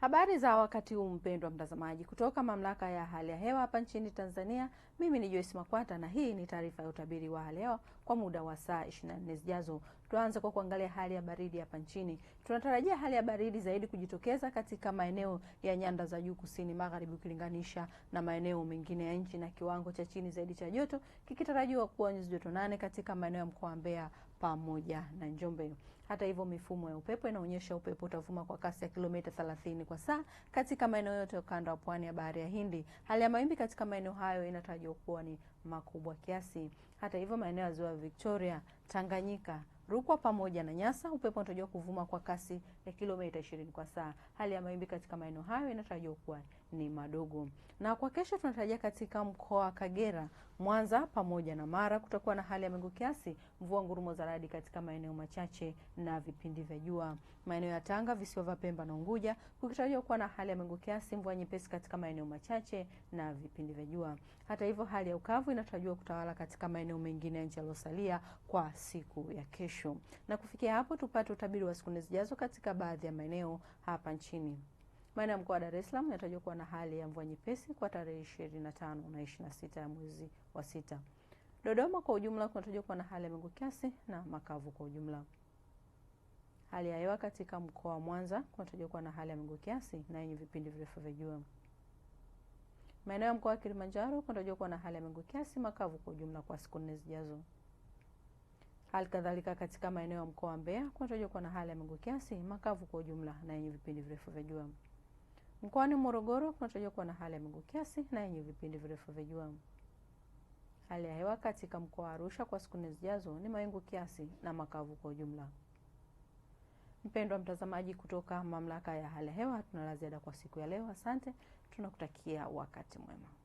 Habari za wakati huu mpendwa mtazamaji, kutoka mamlaka ya hali ya hewa hapa nchini Tanzania. Mimi ni Joyce Makwata na hii ni taarifa ya utabiri wa hali ya hewa kwa muda wa saa 24 zijazo. Tuanze kwa kuangalia hali ya baridi hapa nchini. Tunatarajia hali ya baridi zaidi kujitokeza katika maeneo ya nyanda za juu kusini magharibi ukilinganisha na maeneo mengine ya nchi, na kiwango cha chini zaidi cha joto kikitarajiwa kuwa nyuzi joto nane katika maeneo ya mkoa wa Mbeya pamoja na Njombe. Hata hivyo, mifumo ya upepo inaonyesha upepo utavuma kwa kasi ya kilomita 30 kwa saa katika maeneo yote ya ukanda wa pwani ya bahari ya Hindi. Hali ya mawimbi katika maeneo hayo inatajwa kuwa ni makubwa kiasi. Hata hivyo, maeneo ya ziwa Victoria, Tanganyika, Rukwa pamoja na Nyasa upepo unatarajiwa kuvuma kwa kasi ya kilomita 20 kwa saa. Hali ya mawimbi katika maeneo hayo inatarajiwa kuwa ni madogo. Na kwa kesho tunatarajia katika mkoa wa Kagera Mwanza pamoja na Mara kutakuwa na hali ya mawingu kiasi, mvua ngurumo za radi katika maeneo machache na vipindi vya jua. Maeneo ya Tanga, visiwa vya Pemba na Unguja kukitarajiwa kuwa na hali ya mawingu kiasi, mvua nyepesi katika maeneo machache na vipindi vya jua. Hata hivyo, hali ya ukavu inatarajiwa kutawala katika maeneo mengine ya nchi yaliyosalia kwa siku ya kesho. Na kufikia hapo, tupate utabiri wa siku zijazo katika baadhi ya maeneo hapa nchini. Maeneo ya mkoa wa Dar es Salaam inatarajiwa kuwa na hali ya mvua nyepesi kwa tarehe 25 na 26 ya mwezi wa sita. Dodoma kwa ujumla kunatarajiwa kuwa na hali ya mawingu kiasi na makavu kwa ujumla. Hali ya hewa katika mkoa wa Mwanza kunatarajiwa kuwa na hali ya mawingu kiasi na yenye vipindi virefu vya jua. Maeneo ya mkoa wa Kilimanjaro kunatarajiwa kuwa na hali ya mawingu kiasi makavu kwa ujumla kwa siku nne zijazo. Hali kadhalika katika maeneo ya mkoa wa Mbeya kunatarajiwa kuwa na hali ya mawingu kiasi makavu kwa ujumla na yenye vipindi virefu vya jua. Mkoani Morogoro kunatarajiwa kuwa na hali ya mawingu kiasi na yenye vipindi virefu vya jua. Hali ya hewa katika mkoa wa Arusha kwa siku nne zijazo ni mawingu kiasi na makavu kwa ujumla. Mpendwa mtazamaji, kutoka mamlaka ya hali ya hewa tuna la ziada kwa siku ya leo. Asante, tunakutakia wakati mwema.